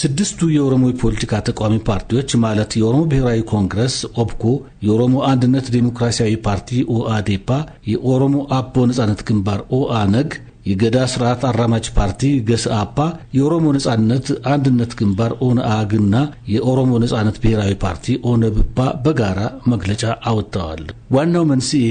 ስድስቱ የኦሮሞ የፖለቲካ ተቃዋሚ ፓርቲዎች ማለት የኦሮሞ ብሔራዊ ኮንግረስ ኦብኮ፣ የኦሮሞ አንድነት ዴሞክራሲያዊ ፓርቲ ኦአዴፓ፣ የኦሮሞ አቦ ነጻነት ግንባር ኦአነግ የገዳ ስርዓት አራማጅ ፓርቲ ገስአፓ፣ የኦሮሞ ነጻነት አንድነት ግንባር ኦነአግና የኦሮሞ ነጻነት ብሔራዊ ፓርቲ ኦነብፓ በጋራ መግለጫ አወጥተዋል። ዋናው መንስኤ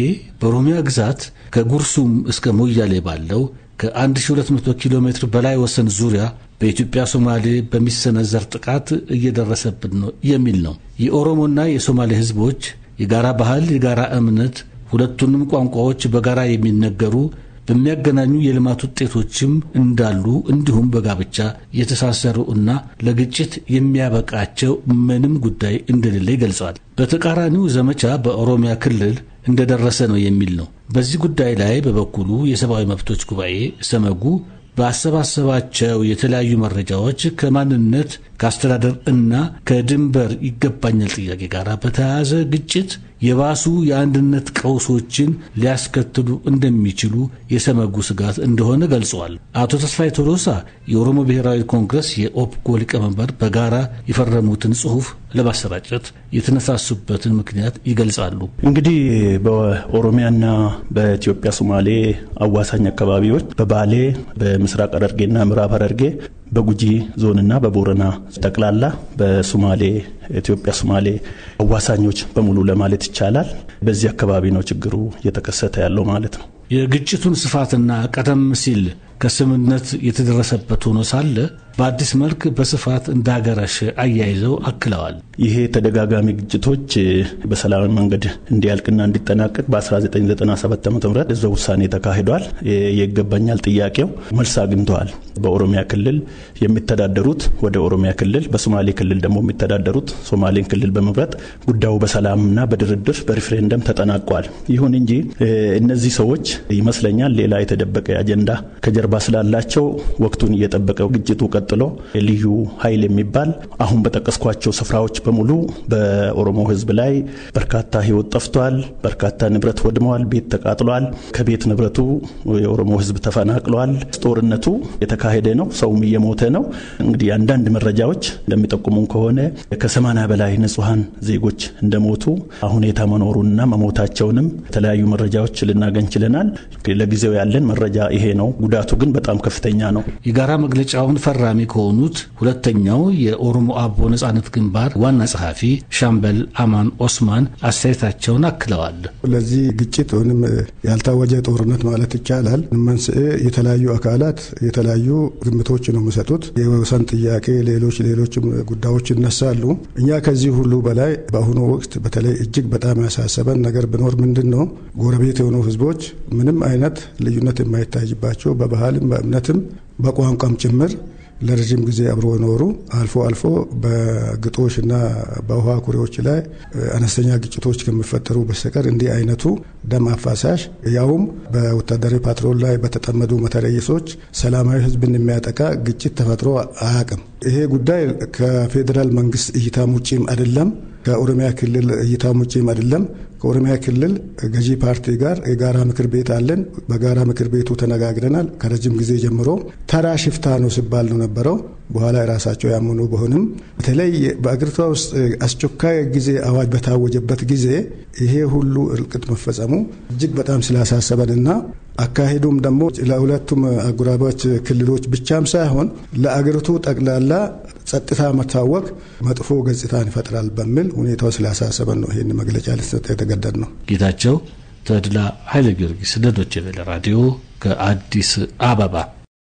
በኦሮሚያ ግዛት ከጉርሱም እስከ ሞያሌ ባለው ከ1200 ኪሎ ሜትር በላይ ወሰን ዙሪያ በኢትዮጵያ ሶማሌ በሚሰነዘር ጥቃት እየደረሰብን ነው የሚል ነው። የኦሮሞና የሶማሌ ህዝቦች የጋራ ባህል፣ የጋራ እምነት፣ ሁለቱንም ቋንቋዎች በጋራ የሚነገሩ በሚያገናኙ የልማት ውጤቶችም እንዳሉ እንዲሁም በጋብቻ የተሳሰሩ እና ለግጭት የሚያበቃቸው ምንም ጉዳይ እንደሌለ ይገልጸዋል። በተቃራኒው ዘመቻ በኦሮሚያ ክልል እንደደረሰ ነው የሚል ነው። በዚህ ጉዳይ ላይ በበኩሉ የሰብአዊ መብቶች ጉባኤ ሰመጉ ባሰባሰባቸው የተለያዩ መረጃዎች ከማንነት ከአስተዳደር እና ከድንበር ይገባኛል ጥያቄ ጋር በተያያዘ ግጭት የባሱ የአንድነት ቀውሶችን ሊያስከትሉ እንደሚችሉ የሰመጉ ስጋት እንደሆነ ገልጸዋል። አቶ ተስፋይ ቶሎሳ የኦሮሞ ብሔራዊ ኮንግረስ የኦፕኮ ሊቀመንበር በጋራ የፈረሙትን ጽሁፍ ለማሰራጨት የተነሳሱበትን ምክንያት ይገልጻሉ። እንግዲህ በኦሮሚያና በኢትዮጵያ ሶማሌ አዋሳኝ አካባቢዎች በባሌ በምስራቅ ሐረርጌና ምዕራብ ሐረርጌ በጉጂ ዞንና በቦረና ጠቅላላ በሶማሌ ኢትዮጵያ ሶማሌ አዋሳኞች በሙሉ ለማለት ይቻላል በዚህ አካባቢ ነው ችግሩ እየተከሰተ ያለው ማለት ነው። የግጭቱን ስፋትና ቀደም ሲል ከስምምነት የተደረሰበት ሆኖ ሳለ በአዲስ መልክ በስፋት እንዳገረሽ አያይዘው አክለዋል። ይሄ ተደጋጋሚ ግጭቶች በሰላማዊ መንገድ እንዲያልቅና እንዲጠናቀቅ በ1997 ዓ ም እዛ ውሳኔ ተካሂዷል። ይገባኛል ጥያቄው መልስ አግኝተዋል። በኦሮሚያ ክልል የሚተዳደሩት ወደ ኦሮሚያ ክልል፣ በሶማሌ ክልል ደግሞ የሚተዳደሩት ሶማሌን ክልል በመምረጥ ጉዳዩ በሰላምና በድርድር በሪፍሬንደም ተጠናቋል። ይሁን እንጂ እነዚህ ሰዎች ይመስለኛል ሌላ የተደበቀ አጀንዳ ከጀርባ ስላላቸው ወቅቱን እየጠበቀ ግጭቱ ቀጥ ቀጥሎ ልዩ ኃይል የሚባል አሁን በጠቀስኳቸው ስፍራዎች በሙሉ በኦሮሞ ህዝብ ላይ በርካታ ህይወት ጠፍቷል። በርካታ ንብረት ወድመዋል። ቤት ተቃጥሏል። ከቤት ንብረቱ የኦሮሞ ህዝብ ተፈናቅሏል። ጦርነቱ የተካሄደ ነው። ሰውም እየሞተ ነው። እንግዲህ አንዳንድ መረጃዎች እንደሚጠቁሙን ከሆነ ከሰማንያ በላይ ንጹሐን ዜጎች እንደሞቱ ሁኔታ መኖሩንና መሞታቸውንም የተለያዩ መረጃዎች ልናገኝ ችለናል። ለጊዜው ያለን መረጃ ይሄ ነው። ጉዳቱ ግን በጣም ከፍተኛ ነው። የጋራ መግለጫውን ፈራሚ ተቃዋሚ ከሆኑት ሁለተኛው የኦሮሞ አቦ ነጻነት ግንባር ዋና ጸሐፊ ሻምበል አማን ኦስማን አስተያየታቸውን አክለዋል። ለዚህ ግጭት ወይም ያልታወጀ ጦርነት ማለት ይቻላል መንስኤ የተለያዩ አካላት የተለያዩ ግምቶች ነው የሚሰጡት። የወሰን ጥያቄ፣ ሌሎች ሌሎችም ጉዳዮች ይነሳሉ። እኛ ከዚህ ሁሉ በላይ በአሁኑ ወቅት በተለይ እጅግ በጣም ያሳሰበን ነገር ብኖር ምንድን ነው ጎረቤት የሆኑ ህዝቦች ምንም አይነት ልዩነት የማይታይባቸው በባህልም በእምነትም በቋንቋም ጭምር ለረዥም ጊዜ አብሮ ኖሩ። አልፎ አልፎ በግጦሽ በውሃ ኩሬዎች ላይ አነስተኛ ግጭቶች ከሚፈጠሩ በስተቀር እንዲህ አይነቱ ደም አፋሳሽ ያውም በወታደራዊ ፓትሮል ላይ በተጠመዱ መተረየሶች ሰላማዊ ሕዝብን የሚያጠቃ ግጭት ተፈጥሮ አያውቅም። ይሄ ጉዳይ ከፌዴራል መንግስት እይታም ውጪም አይደለም፣ ከኦሮሚያ ክልል እይታም ውጪም አይደለም። ከኦሮሚያ ክልል ገዢ ፓርቲ ጋር የጋራ ምክር ቤት አለን። በጋራ ምክር ቤቱ ተነጋግረናል። ከረጅም ጊዜ ጀምሮ ተራ ሽፍታ ነው ሲባል ነው ነበረው። በኋላ የራሳቸው ያመኑ በሆንም በተለይ በአገሪቷ ውስጥ አስቸኳይ ጊዜ አዋጅ በታወጀበት ጊዜ ይሄ ሁሉ እልቅት መፈጸሙ እጅግ በጣም ስላሳሰበንና አካሄዱም ደግሞ ለሁለቱም አጎራባች ክልሎች ብቻም ሳይሆን ለአገሪቱ ጠቅላላ ጸጥታ መታወቅ መጥፎ ገጽታን ይፈጥራል በሚል ሁኔታው ስላሳሰበን ነው ይህን መግለጫ ልሰጥ የተገደድ ነው። ጌታቸው ተድላ ኃይለ ጊዮርጊስ ለዶቼ ቬለ ራዲዮ ከአዲስ አበባ